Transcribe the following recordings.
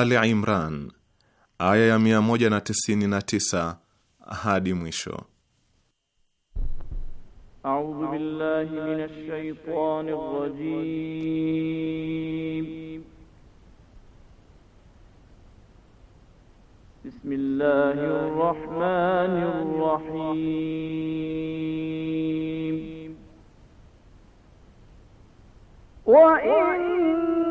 Ali Imran aya ya 199 hadi mwisho. A'udhu billahi minash shaitanir rajim. Bismillahir rahmanir rahim. Wa in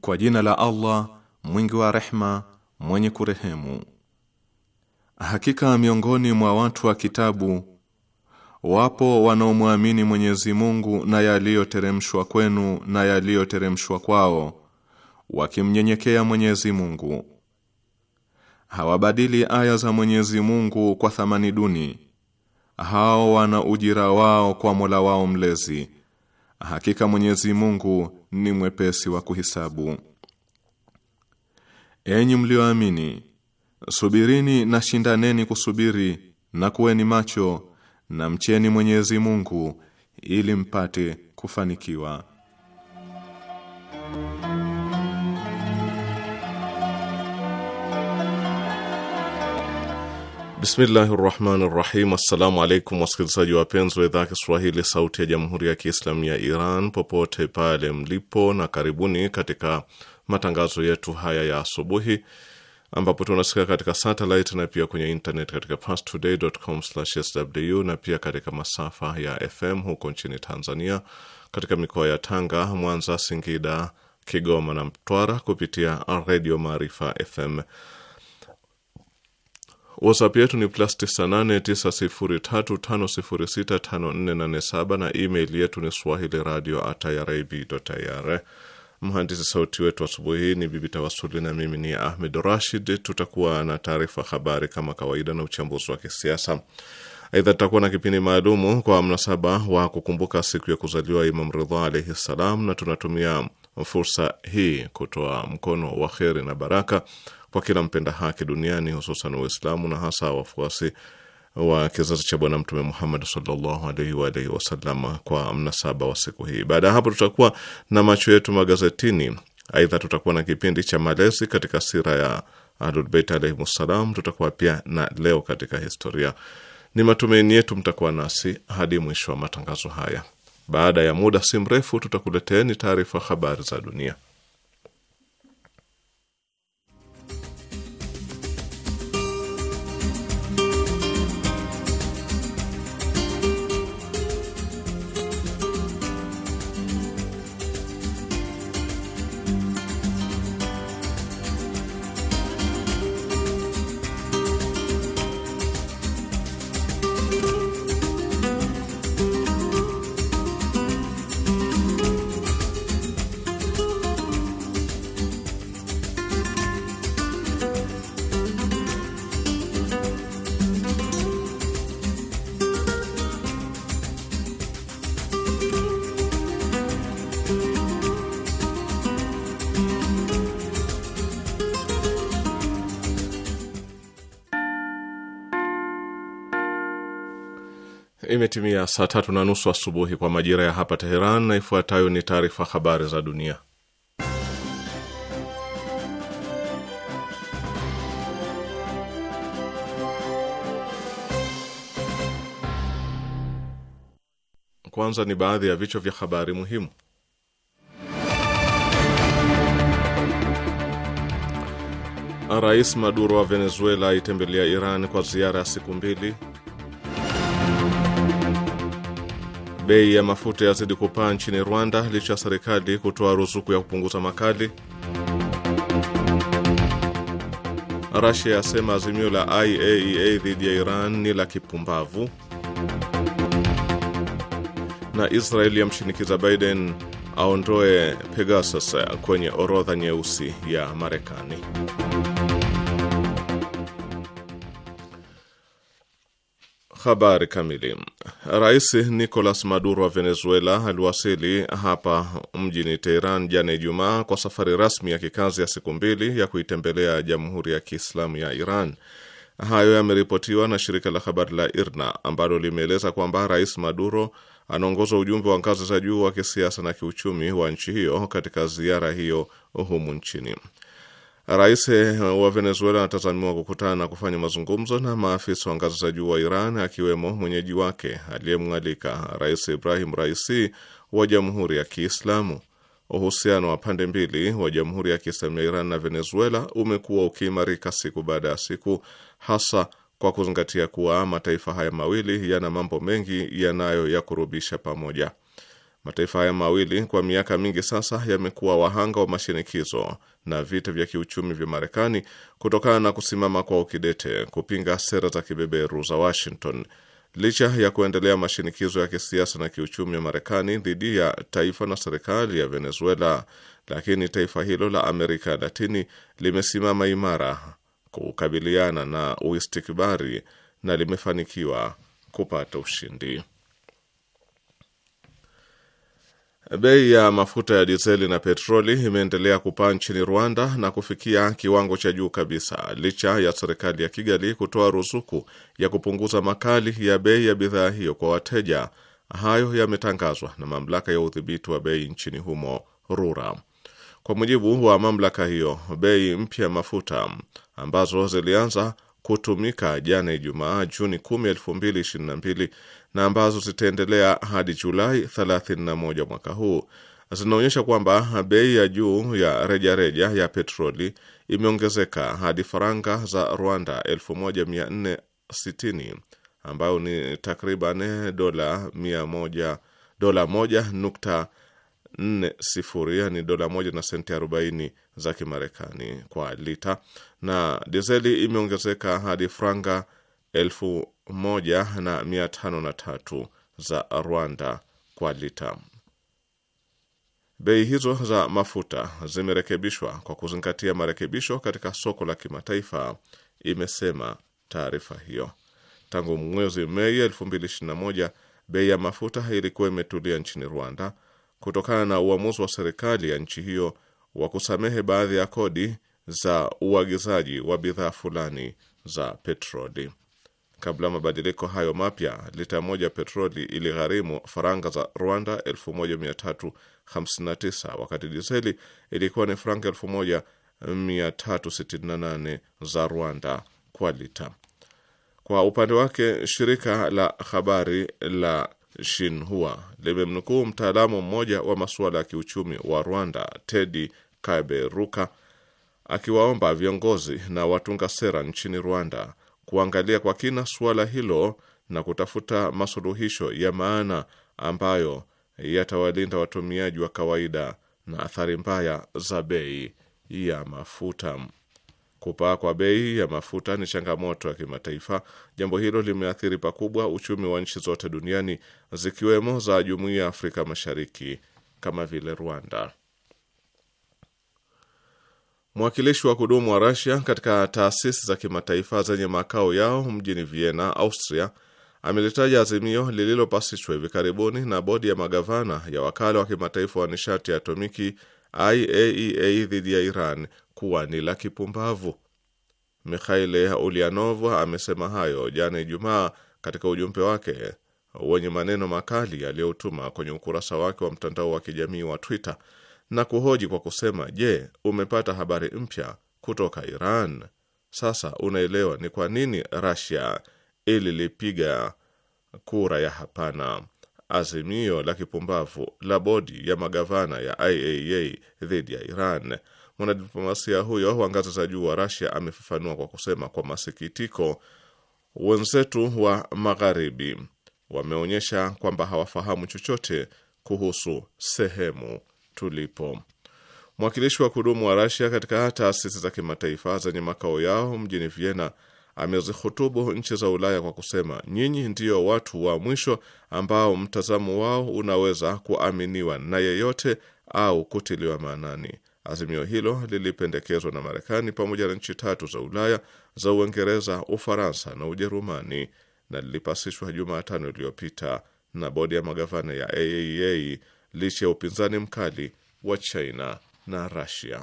Kwa jina la Allah mwingi wa rehma, mwenye kurehemu. Hakika miongoni mwa watu wa kitabu wapo wanaomwamini Mwenyezi Mungu na yaliyoteremshwa kwenu na yaliyoteremshwa kwao, wakimnyenyekea Mwenyezi Mungu. Hawabadili aya za Mwenyezi Mungu kwa thamani duni. Hao wana ujira wao kwa Mola wao mlezi Hakika Mwenyezi Mungu ni mwepesi wa kuhisabu. Enyi mlioamini, subirini na shindaneni kusubiri na kuweni macho na mcheni Mwenyezi Mungu ili mpate kufanikiwa. Bismillahi rahmani rahim. Assalamu alaikum wasikilizaji wapenzi wa idhaa Kiswahili sauti ya jamhuri ya Kiislamu ya Iran popote pale mlipo, na karibuni katika matangazo yetu haya ya asubuhi ambapo tunasikia katika satellite na pia kwenye internet katika parstoday.com/sw na pia katika masafa ya FM huko nchini Tanzania katika mikoa ya Tanga, Mwanza, Singida, Kigoma na Mtwara kupitia Redio Maarifa FM. WhatsApp yetu ni plus 989035065487 na email yetu ni swahili radio atiribr. Mhandisi sauti wetu asubuhi hii ni Bibi Tawasuli na mimi ni Ahmed Rashid. Tutakuwa na taarifa habari kama kawaida na uchambuzi wa kisiasa. Aidha, tutakuwa na kipindi maalumu kwa mnasaba wa kukumbuka siku ya kuzaliwa Imam Ridha alaihi ssalam, na tunatumia fursa hii kutoa mkono wa kheri na baraka kwa kila mpenda haki duniani, hususan Uislamu na hasa wafuasi wa kizazi cha Bwana Mtume Muhammad sallallahu alaihi wa alihi wasallam kwa mnasaba wa siku hii. Baada ya hapo, tutakuwa na macho yetu magazetini. Aidha, tutakuwa na kipindi cha malezi katika sira ya Ahlulbeit alaihim ssalam. Tutakuwa pia na leo katika historia. Ni matumaini yetu mtakuwa nasi hadi mwisho wa matangazo haya. Baada ya muda si mrefu, tutakuleteni taarifa habari za dunia. imetimia saa tatu na nusu asubuhi kwa majira ya hapa Teheran, na ifuatayo ni taarifa habari za dunia. Kwanza ni baadhi ya vichwa vya habari muhimu. Rais Maduro wa Venezuela aitembelea Iran kwa ziara ya siku mbili. Bei ya mafuta yazidi kupaa nchini Rwanda licha ya serikali kutoa ruzuku ya kupunguza makali. Rasia yasema azimio la IAEA e dhidi ya Iran ni la kipumbavu. Na Israel yamshinikiza Biden aondoe Pegasus kwenye orodha nyeusi ya Marekani. Habari kamili. Rais Nicolas Maduro wa Venezuela aliwasili hapa mjini Teheran jana Ijumaa kwa safari rasmi ya kikazi ya siku mbili ya kuitembelea Jamhuri ya Kiislamu ya Iran. Hayo yameripotiwa na shirika la habari la IRNA ambalo limeeleza kwamba Rais Maduro anaongoza ujumbe wa ngazi za juu wa kisiasa na kiuchumi wa nchi hiyo katika ziara hiyo humu nchini. Rais eh, wa Venezuela anatazamiwa kukutana na kufanya mazungumzo na maafisa wa ngazi za juu wa Iran, akiwemo mwenyeji wake aliyemwalika Rais Ibrahim Raisi wa Jamhuri ya Kiislamu. Uhusiano wa pande mbili wa Jamhuri ya Kiislamu ya Iran na Venezuela umekuwa ukiimarika siku baada ya siku, hasa kwa kuzingatia kuwa mataifa haya mawili yana mambo mengi yanayo yakurubisha pamoja. Mataifa haya mawili kwa miaka mingi sasa yamekuwa wahanga wa mashinikizo na vita vya kiuchumi vya Marekani kutokana na kusimama kwa ukidete kupinga sera za kibeberu za Washington. Licha ya kuendelea mashinikizo ya kisiasa na kiuchumi ya Marekani dhidi ya taifa na serikali ya Venezuela, lakini taifa hilo la Amerika Latini limesimama imara kukabiliana na uistikbari na limefanikiwa kupata ushindi. Bei ya mafuta ya dizeli na petroli imeendelea kupaa nchini Rwanda na kufikia kiwango cha juu kabisa, licha ya serikali ya Kigali kutoa ruzuku ya kupunguza makali ya bei ya bidhaa hiyo kwa wateja. Hayo yametangazwa na mamlaka ya udhibiti wa bei nchini humo, RURA. Kwa mujibu wa mamlaka hiyo, bei mpya mafuta ambazo zilianza kutumika jana Ijumaa Juni 10, 2022 na ambazo zitaendelea hadi Julai 31 mwaka huu zinaonyesha kwamba bei ya juu ya rejareja reja ya petroli imeongezeka hadi faranga za Rwanda 1460 ambayo ni takriban dola moja nukta nne sifuri, yani dola moja na senti arobaini za Kimarekani kwa lita, na dizeli imeongezeka hadi franga elfu moja na mia tano na tatu za Rwanda kwa lita. Bei hizo za mafuta zimerekebishwa kwa kuzingatia marekebisho katika soko la kimataifa, imesema taarifa hiyo. Tangu mwezi Mei 2021 bei ya mafuta ilikuwa imetulia nchini Rwanda kutokana na uamuzi wa serikali ya nchi hiyo wa kusamehe baadhi ya kodi za uagizaji wa bidhaa fulani za petroli. Kabla mabadiliko hayo mapya, lita moja petroli iligharimu faranga za Rwanda 1359 wakati diseli ilikuwa ni faranga 1368 za Rwanda kwa lita. Kwa upande wake, shirika la habari la Shinhua limemnukuu mtaalamu mmoja wa masuala ya kiuchumi wa Rwanda, Teddy Kaberuka, akiwaomba viongozi na watunga sera nchini Rwanda kuangalia kwa kina suala hilo na kutafuta masuluhisho ya maana ambayo yatawalinda watumiaji wa kawaida na athari mbaya za bei ya mafuta. Kupaa kwa bei ya mafuta ni changamoto ya kimataifa. Jambo hilo limeathiri pakubwa uchumi wa nchi zote duniani zikiwemo za Jumuiya ya Afrika Mashariki kama vile Rwanda. Mwakilishi wa kudumu wa rusia katika taasisi za kimataifa zenye makao yao mjini Vienna, Austria, amelitaja azimio lililopasishwa hivi karibuni na bodi ya magavana ya wakala wa kimataifa wa nishati ya atomiki IAEA e dhidi ya Iran kuwa ni la kipumbavu. Mikhail Ulianov amesema hayo jana Ijumaa katika ujumbe wake wenye maneno makali aliyoutuma kwenye ukurasa wake wa mtandao wa kijamii wa Twitter na kuhoji kwa kusema, je, umepata habari mpya kutoka Iran? Sasa unaelewa ni kwa nini Russia ililipiga kura ya hapana azimio la kipumbavu la bodi ya magavana ya IAEA dhidi ya Iran. Mwanadiplomasia huyo wa ngazi za juu wa Rasia amefafanua kwa kusema, kwa masikitiko, wenzetu wa magharibi wameonyesha kwamba hawafahamu chochote kuhusu sehemu tulipo. Mwakilishi wa kudumu wa Rasia katika taasisi za kimataifa zenye makao yao mjini Vienna amezihutubu nchi za Ulaya kwa kusema, nyinyi ndiyo watu wa mwisho ambao mtazamo wao unaweza kuaminiwa na yeyote au kutiliwa maanani. Azimio hilo lilipendekezwa na Marekani pamoja na nchi tatu za Ulaya za Uingereza, Ufaransa na Ujerumani na lilipasishwa Jumatano iliyopita na bodi ya magavana ya AAA licha ya upinzani mkali wa China na Russia.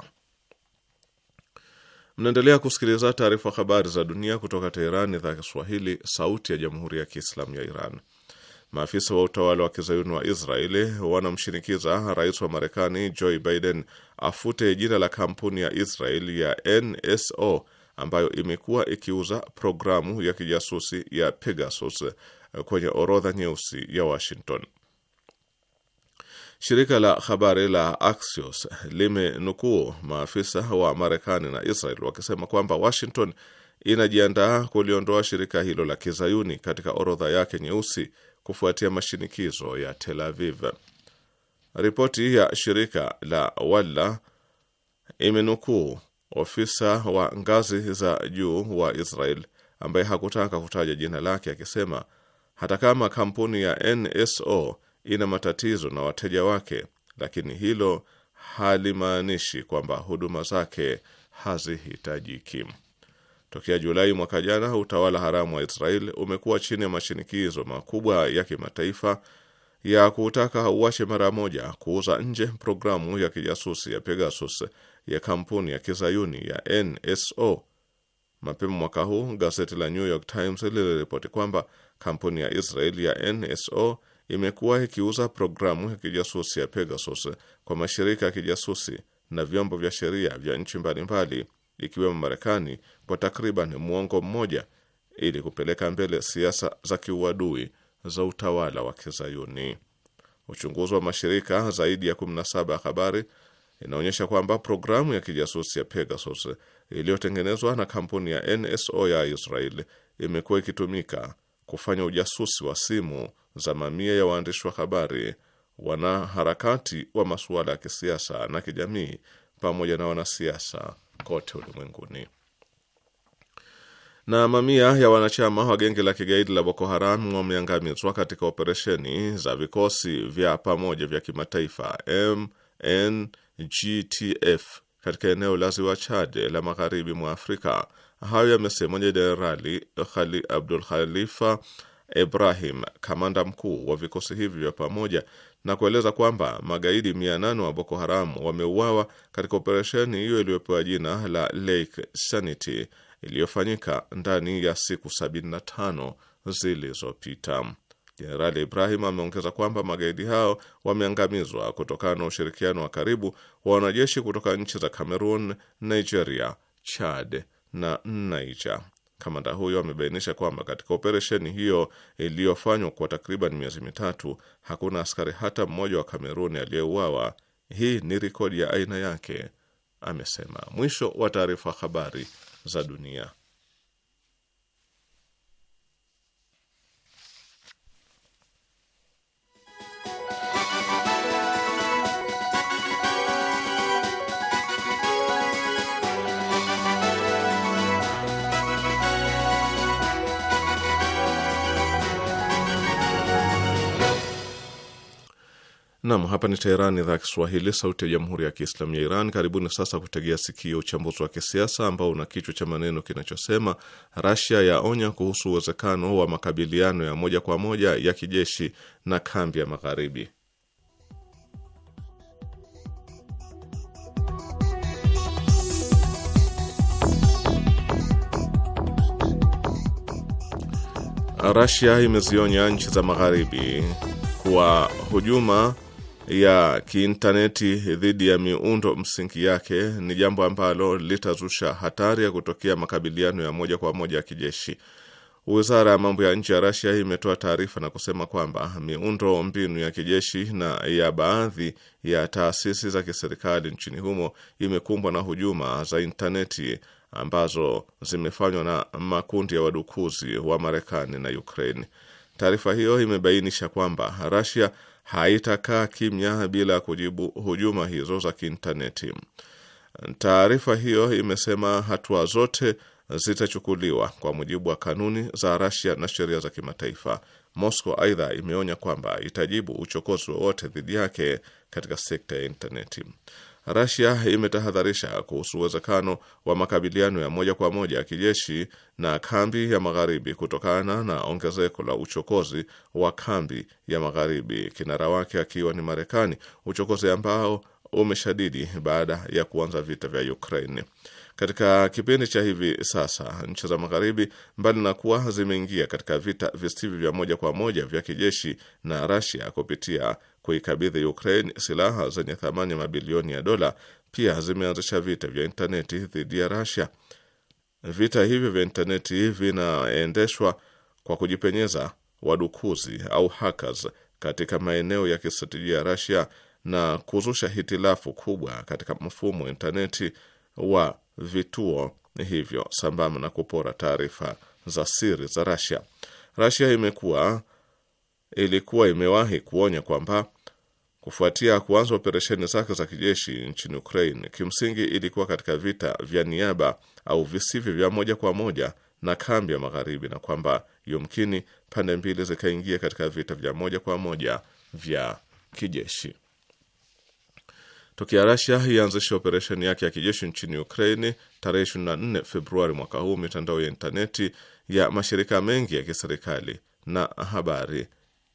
Mnaendelea kusikiliza taarifa habari za dunia kutoka Teherani, idhaa Kiswahili, sauti ya jamhuri ya kiislamu ya Iran. Maafisa wa utawala wa kizayuni wa Israeli wanamshinikiza rais wa Marekani Joe Biden afute jina la kampuni ya israel ya NSO ambayo imekuwa ikiuza programu ya kijasusi ya Pegasus kwenye orodha nyeusi ya Washington. Shirika la habari la Axios limenukuu maafisa wa Marekani na Israel wakisema kwamba Washington inajiandaa kuliondoa shirika hilo la kizayuni katika orodha yake nyeusi kufuatia mashinikizo ya Tel Aviv. Ripoti ya shirika la Walla imenukuu ofisa wa ngazi za juu wa Israel ambaye hakutaka kutaja jina lake akisema hata kama kampuni ya NSO ina matatizo na wateja wake, lakini hilo halimaanishi kwamba huduma zake hazihitajiki. Tokea Julai mwaka jana, utawala haramu wa Israel umekuwa chini ya mashinikizo makubwa ya kimataifa ya kutaka uwache mara moja kuuza nje programu ya kijasusi ya Pegasus ya kampuni ya kizayuni ya NSO. Mapema mwaka huu, gazeti la New York Times liliripoti kwamba kampuni ya Israel ya NSO imekuwa ikiuza programu ya kijasusi ya Pegasus kwa mashirika ya kijasusi na vyombo vya sheria vya nchi mbalimbali ikiwemo Marekani kwa takriban muongo mmoja ili kupeleka mbele siasa za kiuadui za utawala wa Kizayuni. Uchunguzi wa mashirika zaidi ya 17 ya habari inaonyesha kwamba programu ya kijasusi ya Pegasus iliyotengenezwa na kampuni ya NSO ya Israel imekuwa ikitumika kufanya ujasusi wa simu za mamia ya waandishi wa habari, wanaharakati wa masuala ya kisiasa na kijamii, pamoja na wanasiasa kote ulimwenguni. Na mamia ya wanachama wa genge la kigaidi la Boko Haram wameangamizwa katika operesheni za vikosi vya pamoja vya kimataifa MNGTF katika eneo la ziwa Chade la magharibi mwa Afrika. Hayo yamesemwa Jenerali Abdul Khalifa Ibrahim, kamanda mkuu wa vikosi hivi vya pamoja, na kueleza kwamba magaidi 800 wa Boko Haram wameuawa katika operesheni hiyo iliyopewa jina la Lake Sanity iliyofanyika ndani ya siku 75 zilizopita. Jenerali Ibrahim ameongeza kwamba magaidi hao wameangamizwa kutokana na ushirikiano wa karibu wa wanajeshi kutoka nchi za Cameroon, Nigeria, Chad na Niger. Kamanda huyo amebainisha kwamba katika operesheni hiyo iliyofanywa kwa takriban miezi mitatu, hakuna askari hata mmoja wa Kameruni aliyeuawa. Hii ni rekodi ya aina yake, amesema. Mwisho wa taarifa. Habari za dunia. Nam, hapa ni Teherani, idhaa ya Kiswahili, sauti ya jamhuri ya kiislamu ya Iran. Karibuni sasa kutegea sikio uchambuzi wa kisiasa ambao una kichwa cha maneno kinachosema Rasia yaonya kuhusu uwezekano wa makabiliano ya moja kwa moja ya kijeshi na kambi ya magharibi. Rasia imezionya nchi za magharibi kwa hujuma ya kiintaneti dhidi ya miundo msingi yake ni jambo ambalo litazusha hatari ya kutokea makabiliano ya moja kwa moja ya kijeshi. Wizara ya mambo ya nje ya Rasia imetoa taarifa na kusema kwamba miundo mbinu ya kijeshi na ya baadhi ya taasisi za kiserikali nchini humo imekumbwa na hujuma za intaneti ambazo zimefanywa na makundi ya wadukuzi wa Marekani na Ukraini. Taarifa hiyo imebainisha kwamba Rasia haitakaa kimya bila kujibu hujuma hizo za kiintaneti. Taarifa hiyo imesema hatua zote zitachukuliwa kwa mujibu wa kanuni za Rasia na sheria za kimataifa. Moscow aidha imeonya kwamba itajibu uchokozi wowote dhidi yake katika sekta ya intaneti. Rasia imetahadharisha kuhusu uwezekano wa makabiliano ya moja kwa moja ya kijeshi na kambi ya magharibi kutokana na ongezeko la uchokozi wa kambi ya magharibi, kinara wake akiwa ni Marekani, uchokozi ambao umeshadidi baada ya kuanza vita vya Ukraine. Katika kipindi cha hivi sasa, nchi za magharibi, mbali na kuwa zimeingia katika vita visivyo vya moja kwa moja vya kijeshi na Rasia kupitia kuikabidhi Ukraine silaha zenye thamani ya mabilioni ya dola, pia zimeanzisha vita vya intaneti dhidi ya Russia. Vita hivyo vya intaneti vinaendeshwa kwa kujipenyeza wadukuzi au hackers katika maeneo ya kistratejia ya Russia na kuzusha hitilafu kubwa katika mfumo wa intaneti wa vituo hivyo, sambamba na kupora taarifa za siri za Russia. Russia imekuwa ilikuwa imewahi kuonya kwamba Kufuatia kuanza operesheni zake za kijeshi nchini Ukraine, kimsingi ilikuwa katika vita vya niaba au visivyo vya moja kwa moja na kambi ya Magharibi, na kwamba yumkini pande mbili zikaingia katika vita vya moja kwa moja vya kijeshi. Tokea Rasia ianzisha operesheni yake ya kijeshi nchini ukrain tarehe 24 Februari mwaka huu, mitandao ya intaneti ya mashirika mengi ya kiserikali na habari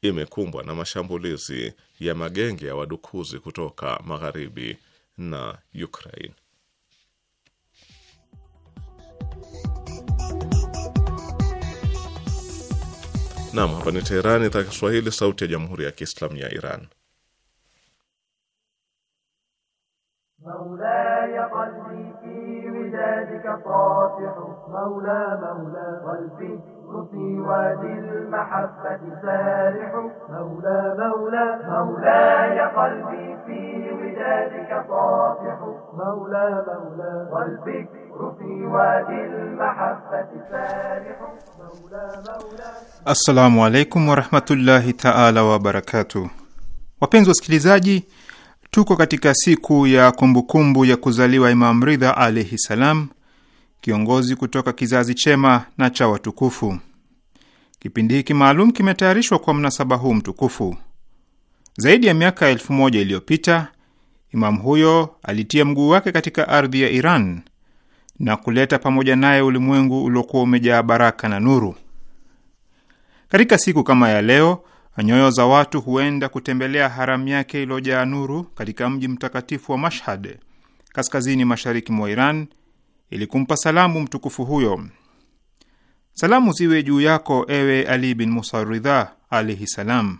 imekumbwa na mashambulizi ya magenge ya wadukuzi kutoka magharibi na Ukraine. Nam, hapa ni Teherani, idhaa Kiswahili, sauti ya jamhuri ya kiislamu ya Iran. الصدق وادي المحبة سارح مولا مولا مولاي قلبي في ودادك صافح مولا مولا والبك Assalamu alaikum warahmatullahi taala wabarakatu. Wapenzi wa wasikilizaji, tuko katika siku ya kumbukumbu kumbu ya kuzaliwa Imam Ridha alaihi salam, kiongozi kutoka kizazi chema na cha watukufu. Kipindi hiki maalum kimetayarishwa kwa mnasaba huu mtukufu. Zaidi ya miaka elfu moja iliyopita imamu huyo alitia mguu wake katika ardhi ya Iran na kuleta pamoja naye ulimwengu uliokuwa umejaa baraka na nuru. Katika siku kama ya leo, nyoyo za watu huenda kutembelea haramu yake iliyojaa nuru katika mji mtakatifu wa Mashhad, kaskazini mashariki mwa Iran ili kumpa salamu mtukufu huyo. Salamu ziwe juu yako ewe Ali bin Musa Ridha alaihi salam.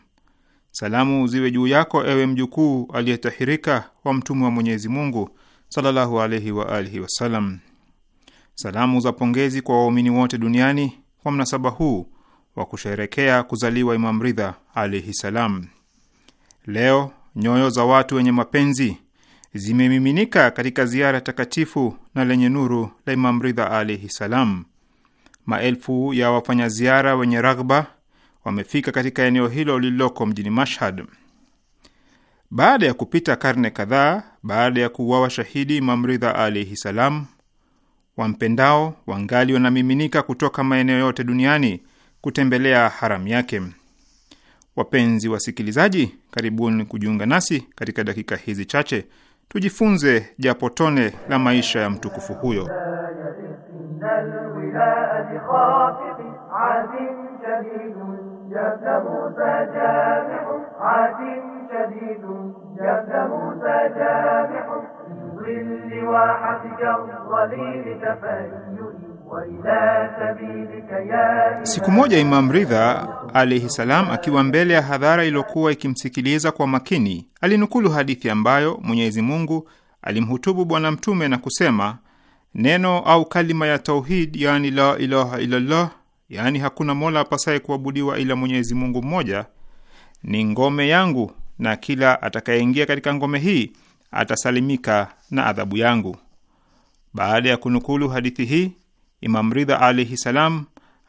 Salamu ziwe juu yako ewe mjukuu aliyetahirika wa mtume wa Mwenyezi Mungu sallallahu alaihi wa alihi wasalam. Salamu za pongezi kwa waumini wote duniani kwa mnasaba huu wa kusherekea kuzaliwa Imam Ridha alaihi salam. Leo nyoyo za watu wenye mapenzi zimemiminika katika ziara takatifu na lenye nuru la Imam Ridha alaihi salam. Maelfu ya wafanyaziara wenye raghba wamefika katika eneo hilo lililoko mjini Mashhad. Baada ya kupita karne kadhaa baada ya kuuawa shahidi Imam Ridha alaihi salam, wampendao wangali wanamiminika kutoka maeneo yote duniani kutembelea haramu yake. Wapenzi wasikilizaji, karibuni kujiunga nasi katika dakika hizi chache tujifunze japo tone la maisha ya mtukufu huyo. Siku moja Imam Ridha alaihi salam akiwa mbele ya hadhara iliyokuwa ikimsikiliza kwa makini, alinukulu hadithi ambayo Mwenyezi Mungu alimhutubu Bwana Mtume na kusema neno au kalima ya tauhid, yani la ilaha illallah, yani hakuna mola apasaye kuabudiwa ila Mwenyezi Mungu mmoja, ni ngome yangu na kila atakayeingia katika ngome hii atasalimika na adhabu yangu. Baada ya kunukulu hadithi hii, Imam Ridha alaihi salam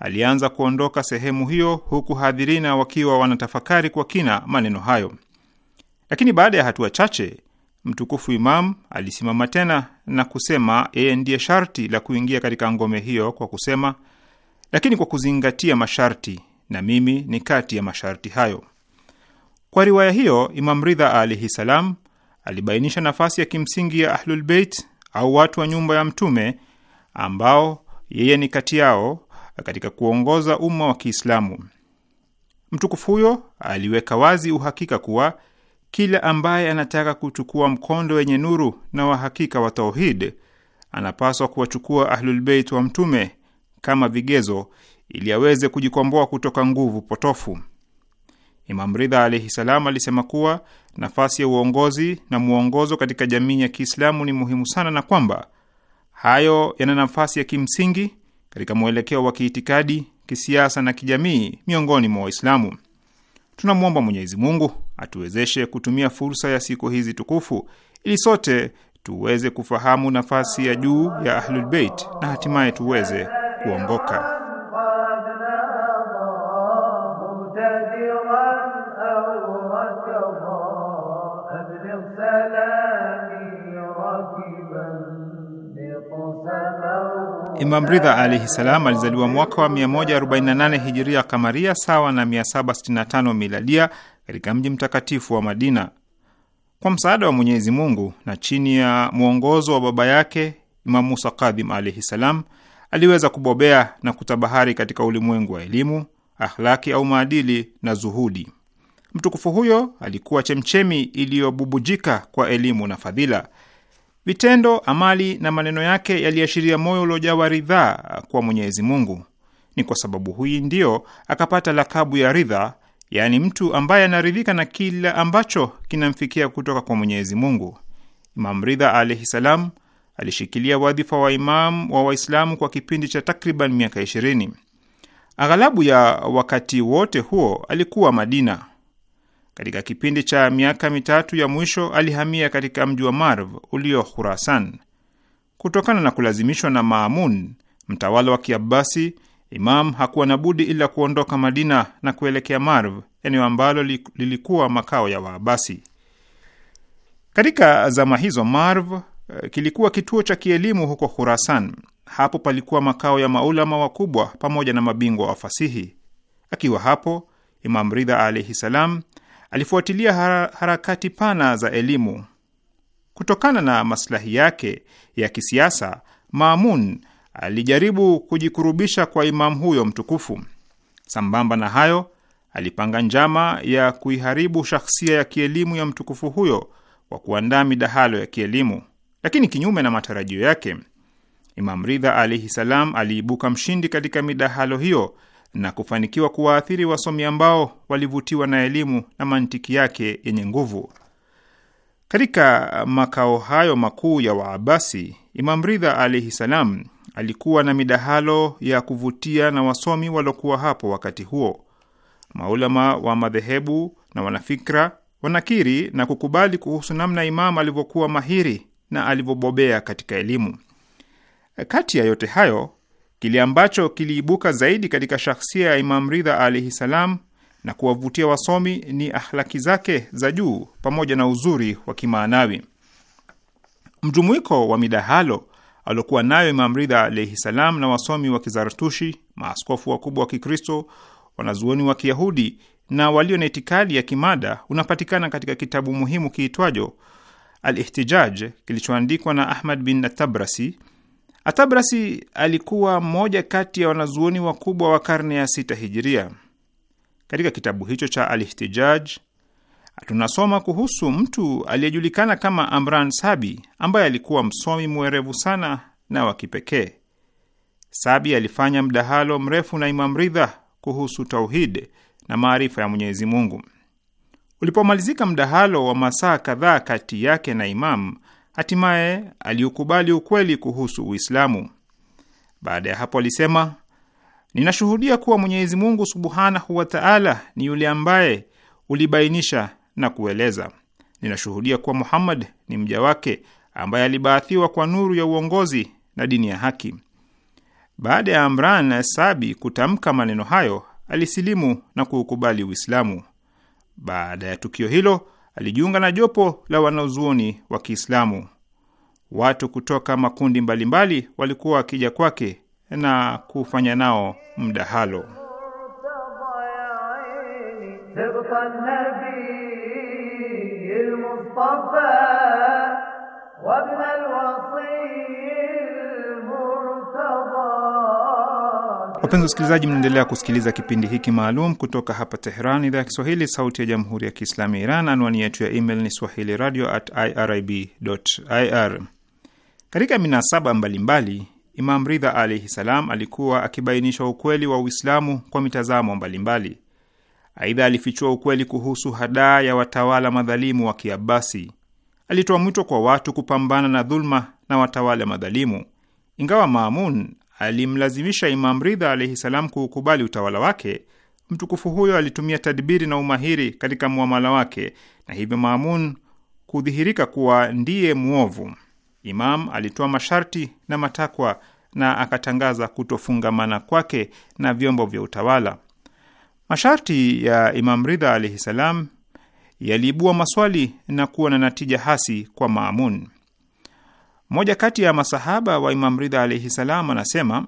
alianza kuondoka sehemu hiyo, huku hadhirina wakiwa wanatafakari kwa kina maneno hayo. Lakini baada ya hatua chache, mtukufu Imam alisimama tena na kusema yeye ndiye sharti la kuingia katika ngome hiyo kwa kusema, lakini kwa kuzingatia masharti, na mimi ni kati ya masharti hayo. Kwa riwaya hiyo, Imam Ridha alaihi salam alibainisha nafasi ya kimsingi ya Ahlulbeit au watu wa nyumba ya Mtume ambao yeye ni kati yao katika kuongoza umma wa Kiislamu. Mtukufu huyo aliweka wazi uhakika kuwa kila ambaye anataka kuchukua mkondo wenye nuru na wahakika wa tauhid anapaswa kuwachukua Ahlulbeit wa Mtume kama vigezo ili aweze kujikomboa kutoka nguvu potofu. Imam Ridha alaihi salam alisema kuwa nafasi ya uongozi na mwongozo katika jamii ya Kiislamu ni muhimu sana na kwamba hayo yana nafasi ya kimsingi katika mwelekeo wa kiitikadi, kisiasa na kijamii miongoni mwa Waislamu. Tunamwomba Mwenyezi Mungu atuwezeshe kutumia fursa ya siku hizi tukufu ili sote tuweze kufahamu nafasi ya juu ya Ahlulbeit na hatimaye tuweze kuongoka. Imam Ridha alaihi salam alizaliwa mwaka wa 148 hijiria kamaria sawa na 765 miladia katika mji mtakatifu wa Madina. Kwa msaada wa Mwenyezi Mungu na chini ya mwongozo wa baba yake Imam Musa Kadhim alaihi salam aliweza kubobea na kutabahari katika ulimwengu wa elimu, akhlaki au maadili na zuhudi. Mtukufu huyo alikuwa chemchemi iliyobubujika kwa elimu na fadhila. Vitendo, amali na maneno yake yaliashiria moyo uliojawa ridhaa kwa Mwenyezi Mungu. Ni kwa sababu hii ndiyo akapata lakabu ya ridha, yaani mtu ambaye anaridhika na kila ambacho kinamfikia kutoka kwa Mwenyezi Mungu. Imam Ridha alaihi salam alishikilia wadhifa wa imam wa Waislamu kwa kipindi cha takriban miaka ishirini. Aghalabu ya wakati wote huo alikuwa Madina. Katika kipindi cha miaka mitatu ya mwisho alihamia katika mji wa Marv ulio Khurasan. Kutokana na kulazimishwa na Maamun, mtawala wa Kiabasi, Imam hakuwa na budi ila kuondoka Madina na kuelekea Marv, eneo ambalo lilikuwa makao ya Waabasi. Katika zama hizo Marv eh, kilikuwa kituo cha kielimu huko Khurasan. Hapo palikuwa makao ya maulama wakubwa pamoja na mabingwa wa fasihi. Akiwa hapo, Imam Ridha alaihi salam alifuatilia harakati pana za elimu. Kutokana na maslahi yake ya kisiasa, Maamun alijaribu kujikurubisha kwa imamu huyo mtukufu. Sambamba na hayo, alipanga njama ya kuiharibu shahsia ya kielimu ya mtukufu huyo kwa kuandaa midahalo ya kielimu, lakini kinyume na matarajio yake, Imam Ridha alaihi salam aliibuka mshindi katika midahalo hiyo na kufanikiwa kuwaathiri wasomi ambao walivutiwa na elimu na mantiki yake yenye nguvu. Katika makao hayo makuu ya Waabasi, Imam Ridha alaihi salam alikuwa na midahalo ya kuvutia na wasomi waliokuwa hapo wakati huo. Maulama wa madhehebu na wanafikra wanakiri na kukubali kuhusu namna Imam alivyokuwa mahiri na alivyobobea katika elimu. Kati ya yote hayo Kile ambacho kiliibuka zaidi katika shakhsia ya Imam Ridha alaihi salam na kuwavutia wasomi ni ahlaki zake za juu pamoja na uzuri wa kimaanawi. Mjumuiko wa midahalo aliokuwa nayo Imam Ridha alaihi salam na wasomi wa Kizaratushi, maaskofu wakubwa wa Kikristo, wanazuoni wa Kiyahudi na walio na itikadi ya kimada unapatikana katika kitabu muhimu kiitwajo alihtijaj kilichoandikwa na Ahmad bin Atabrasi Atabrasi alikuwa mmoja kati ya wanazuoni wakubwa wa karne ya sita hijiria. Katika kitabu hicho cha Alihtijaj tunasoma kuhusu mtu aliyejulikana kama Amran Sabi ambaye alikuwa msomi mwerevu sana na wa kipekee. Sabi alifanya mdahalo mrefu na Imam Ridha kuhusu tauhid na maarifa ya Mwenyezi Mungu. Ulipomalizika mdahalo wa masaa kadhaa kati yake na Imam, Hatimaye aliukubali ukweli kuhusu Uislamu. Baada ya hapo alisema, ninashuhudia kuwa Mwenyezi Mungu subhanahu wa taala ni yule ambaye ulibainisha na kueleza. Ninashuhudia kuwa Muhammad ni mja wake ambaye alibaathiwa kwa nuru ya uongozi na dini ya haki. Baada ya Amran Sabi kutamka maneno hayo, alisilimu na kuukubali Uislamu. Baada ya tukio hilo alijiunga na jopo la wanazuoni wa Kiislamu. Watu kutoka makundi mbalimbali mbali walikuwa wakija kwake na kufanya nao mdahalo. Wapenzi wasikilizaji, mnaendelea kusikiliza kipindi hiki maalum kutoka hapa Teheran, idhaa ya Kiswahili, sauti ya jamhuri ya kiislamu ya Iran. Anwani yetu ya email ni swahili radio at ir. Katika minasaba mbalimbali, Imam Ridha alaihi salam alikuwa akibainisha ukweli wa Uislamu kwa mitazamo mbalimbali. Aidha, alifichua ukweli kuhusu hadaa ya watawala madhalimu wa Kiabasi. Alitoa mwito kwa watu kupambana na dhuluma na watawala madhalimu. Ingawa Maamun alimlazimisha Imam Ridha alaihi salam kuukubali utawala wake, mtukufu huyo alitumia tadbiri na umahiri katika muamala wake, na hivyo Maamun kudhihirika kuwa ndiye mwovu. Imam alitoa masharti na matakwa na akatangaza kutofungamana kwake na vyombo vya utawala. Masharti ya Imam Ridha alaihi salam yaliibua maswali na kuwa na natija hasi kwa Maamun. Mmoja kati ya masahaba wa Imam Ridha alaihi salam anasema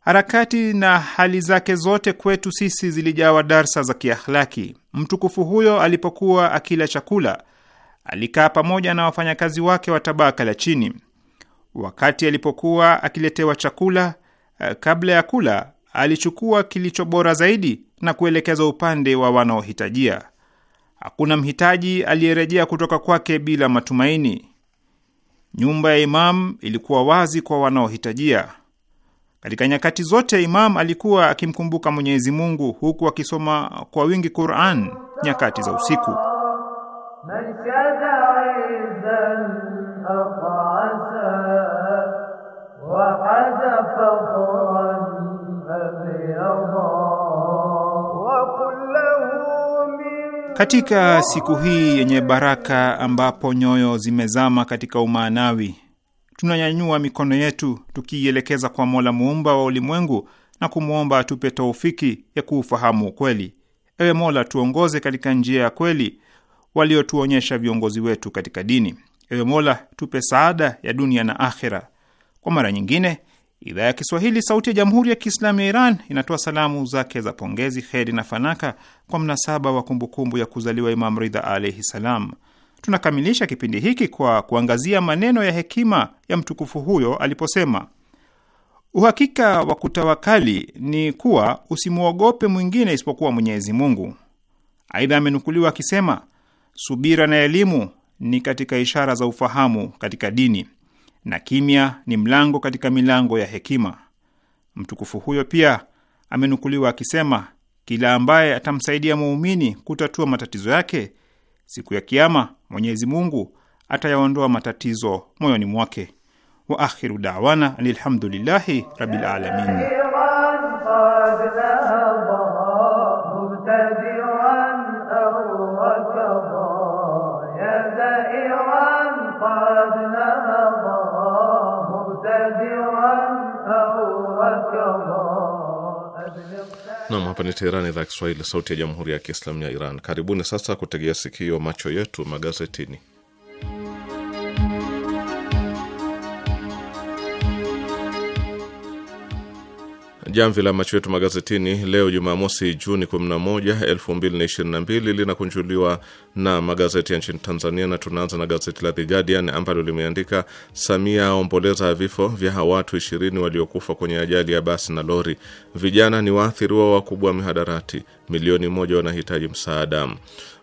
harakati na hali zake zote kwetu sisi zilijawa darsa za kiakhlaki. Mtukufu huyo alipokuwa akila chakula alikaa pamoja na wafanyakazi wake wa tabaka la chini. Wakati alipokuwa akiletewa chakula, eh, kabla ya kula alichukua kilicho bora zaidi na kuelekeza upande wa wanaohitajia. Hakuna mhitaji aliyerejea kutoka kwake bila matumaini. Nyumba ya Imam ilikuwa wazi kwa wanaohitajia. Katika nyakati zote, Imam alikuwa akimkumbuka Mwenyezi Mungu huku akisoma kwa wingi Quran nyakati za usiku. Katika siku hii yenye baraka, ambapo nyoyo zimezama katika umaanawi, tunanyanyua mikono yetu tukiielekeza kwa Mola muumba wa ulimwengu na kumwomba atupe taufiki ya kuufahamu ukweli. Ewe Mola, tuongoze katika njia ya kweli waliotuonyesha viongozi wetu katika dini. Ewe Mola, tupe saada ya dunia na akhera. Kwa mara nyingine Idhaa ya Kiswahili sauti ya jamhuri ya Kiislamu ya Iran inatoa salamu zake za pongezi, heri na fanaka kwa mnasaba wa kumbukumbu ya kuzaliwa Imam Ridha alaihi salam. Tunakamilisha kipindi hiki kwa kuangazia maneno ya hekima ya mtukufu huyo aliposema, uhakika wa kutawakali ni kuwa usimwogope mwingine isipokuwa Mwenyezi Mungu. Aidha amenukuliwa akisema, subira na elimu ni katika ishara za ufahamu katika dini na kimya ni mlango katika milango ya hekima. Mtukufu huyo pia amenukuliwa akisema, kila ambaye atamsaidia muumini kutatua matatizo yake, siku ya Kiama Mwenyezi Mungu atayaondoa matatizo moyoni mwake. Wa akhiru dawana alhamdulillahi rabbil alamin. Nam, hapa ni Teherani, idhaa ya Kiswahili, sauti ya jamhuri ya kiislamu ya Iran. Karibuni sasa kutegea sikio, macho yetu magazetini. Jamvi la macho yetu magazetini leo Jumamosi, Juni 11, 2022 linakunjuliwa na magazeti ya nchini Tanzania, na tunaanza na gazeti la The Guardian ambalo limeandika Samia aomboleza vifo vya watu 20 waliokufa kwenye ajali ya basi na lori. Vijana ni waathiriwa wakubwa mihadarati, milioni moja wanahitaji msaada.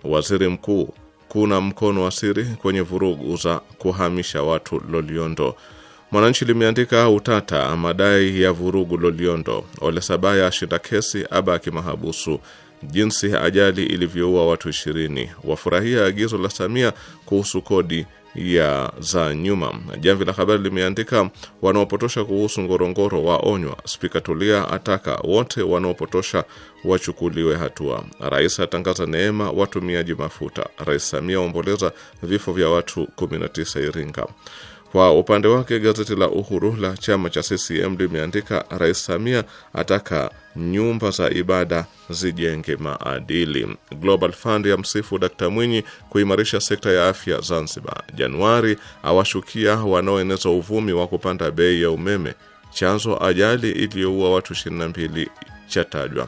Waziri mkuu kuna mkono wa siri kwenye vurugu za kuhamisha watu Loliondo. Mwananchi limeandika utata madai ya vurugu Loliondo, Ole Sabaya ashinda kesi abaki mahabusu, jinsi ajali ilivyoua watu ishirini, wafurahia agizo la Samia kuhusu kodi ya za nyuma. Jamvi la Habari limeandika wanaopotosha kuhusu Ngorongoro waonywa, Spika Tulia ataka wote wanaopotosha wachukuliwe hatua, Rais atangaza neema watumiaji mafuta, Rais Samia aomboleza vifo vya watu 19 Iringa. Kwa upande wake gazeti la Uhuru la chama cha CCM limeandika Rais Samia ataka nyumba za ibada zijenge maadili. Global Fund ya msifu Dkt Mwinyi kuimarisha sekta ya afya Zanzibar. Januari awashukia wanaoeneza uvumi wa kupanda bei ya umeme. Chanzo ajali iliyoua watu 22 chatajwa,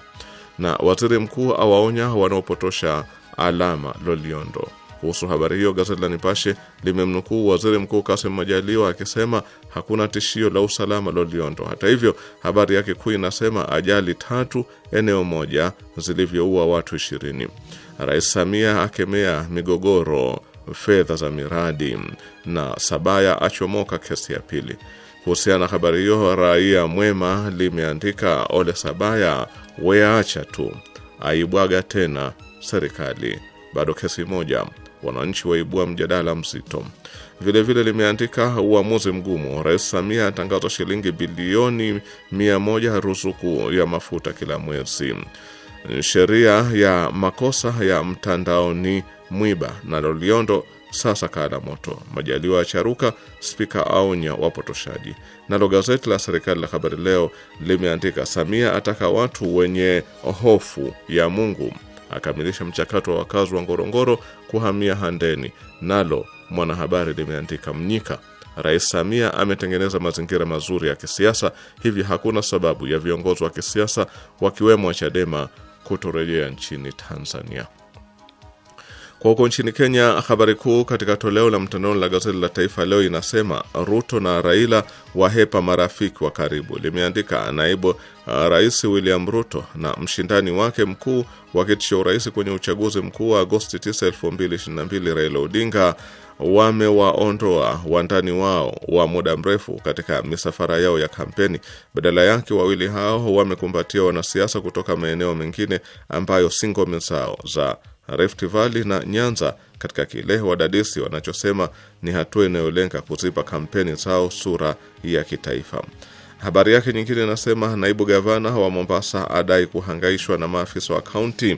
na waziri mkuu awaonya wanaopotosha alama Loliondo. Kuhusu habari hiyo, gazeti la Nipashe limemnukuu waziri mkuu kasim Majaliwa akisema hakuna tishio la usalama Loliondo. Hata hivyo, habari yake kuu inasema ajali tatu eneo moja zilivyoua watu ishirini. Rais Samia akemea migogoro fedha za miradi na Sabaya achomoka kesi ya pili. Kuhusiana na habari hiyo, Raia Mwema limeandika Ole Sabaya weacha tu aibwaga tena serikali, bado kesi moja wananchi waibua mjadala mzito. Vilevile limeandika uamuzi mgumu, Rais Samia atangaza shilingi bilioni mia moja ruzuku ya mafuta kila mwezi. Sheria ya makosa ya mtandaoni mwiba na Loliondo sasa kaa la moto. Majaliwa ya charuka, spika aonya wapotoshaji. Nalo gazeti la serikali la Habari Leo limeandika Samia ataka watu wenye hofu ya Mungu akamilisha mchakato wa wakazi wa Ngorongoro kuhamia Handeni. Nalo Mwanahabari limeandika Mnyika, Rais Samia ametengeneza mazingira mazuri ya kisiasa, hivi hakuna sababu ya viongozi wa kisiasa wakiwemo wa Chadema kutorejea nchini Tanzania. Kwa huko nchini Kenya, habari kuu katika toleo la mtandaoni la gazeti la Taifa Leo inasema Ruto na Raila wahepa marafiki wa karibu. Limeandika naibu uh, rais William Ruto na mshindani wake mkuu wa kiti cha urais kwenye uchaguzi mkuu wa Agosti 9, 2022 Raila Odinga wamewaondoa wandani wao wa muda mrefu katika misafara yao ya kampeni. Badala yake, wawili hao wamekumbatia wanasiasa kutoka maeneo mengine ambayo si ngome zao za Rift Valley na Nyanza katika kile wadadisi wanachosema ni hatua inayolenga kuzipa kampeni zao sura ya kitaifa. Habari yake nyingine inasema naibu gavana wa Mombasa adai kuhangaishwa na maafisa wa kaunti.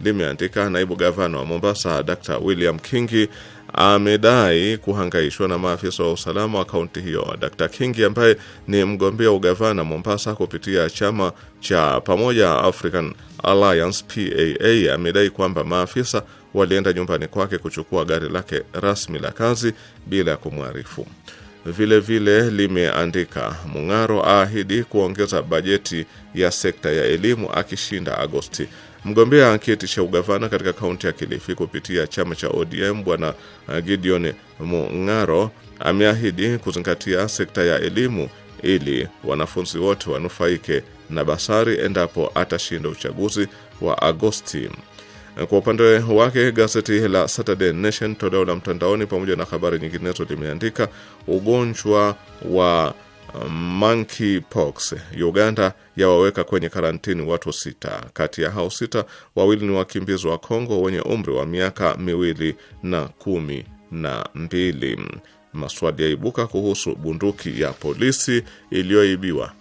Limeandika naibu gavana wa Mombasa Dr. William Kingi amedai kuhangaishwa na maafisa wa usalama wa kaunti hiyo. Dr. Kingi ambaye ni mgombea ugavana Mombasa kupitia chama cha Pamoja African Alliance PAA amedai kwamba maafisa walienda nyumbani kwake kuchukua gari lake rasmi la kazi bila ya kumwarifu. vilevile limeandika Mung'aro aahidi kuongeza bajeti ya sekta ya elimu akishinda Agosti. Mgombea kiti cha ugavana katika kaunti ya Kilifi kupitia chama cha ODM Bwana uh, Gideon Mung'aro ameahidi kuzingatia sekta ya elimu ili wanafunzi wote wanufaike na basari endapo atashinda uchaguzi wa Agosti. Kwa upande wake gazeti la Saturday Nation toleo la mtandaoni pamoja na habari nyinginezo limeandika ugonjwa wa monkeypox Uganda yawaweka kwenye karantini watu sita. Kati ya hao sita, wawili ni wakimbizi wa Kongo wenye umri wa miaka miwili na kumi na mbili. Maswali yaibuka kuhusu bunduki ya polisi iliyoibiwa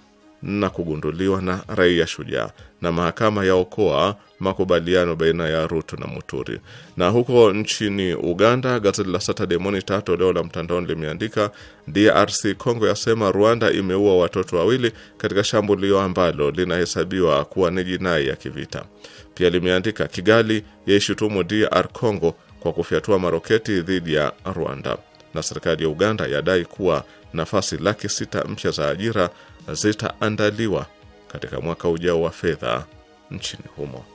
na kugunduliwa na raia shujaa na mahakama yaokoa makubaliano baina ya Ruto na Muturi. Na huko nchini Uganda, gazeti la Saturday Monitor toleo la mtandaoni limeandika DRC Congo yasema Rwanda imeua watoto wawili katika shambulio ambalo linahesabiwa kuwa ni jinai ya kivita. Pia limeandika Kigali yaishutumu DR Congo kwa kufyatua maroketi dhidi ya Rwanda, na serikali ya Uganda yadai kuwa nafasi laki sita mpya za ajira zitaandaliwa katika mwaka ujao wa fedha nchini humo.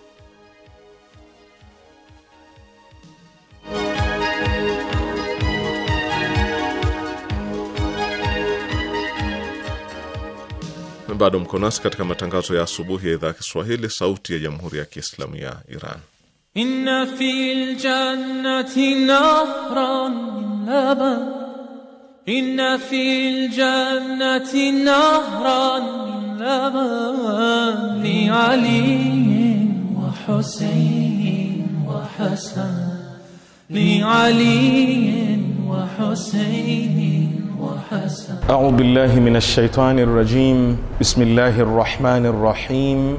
Bado mko nasi katika matangazo ya asubuhi ya idhaa ya Kiswahili, Sauti ya Jamhuri ya Kiislamu ya Iran. Inna fil jannati nahran إن في الجنة نهرا من لبن لعلي وحسين وحسن لعلي وحسين وحسن أعوذ بالله من الشيطان الرجيم بسم الله الرحمن الرحيم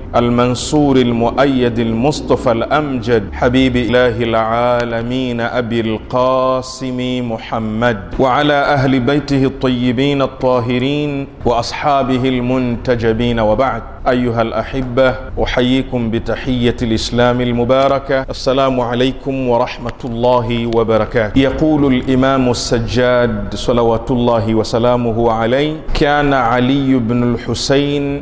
المنصور المؤيد المصطفى الأمجد حبيب إله العالمين أبي القاسم محمد وعلى أهل بيته الطيبين الطاهرين وأصحابه المنتجبين وبعد أيها الأحبة أحييكم بتحية الإسلام المباركة السلام عليكم ورحمة الله وبركاته يقول الإمام السجاد صلوات الله وسلامه عليه كان علي بن الحسين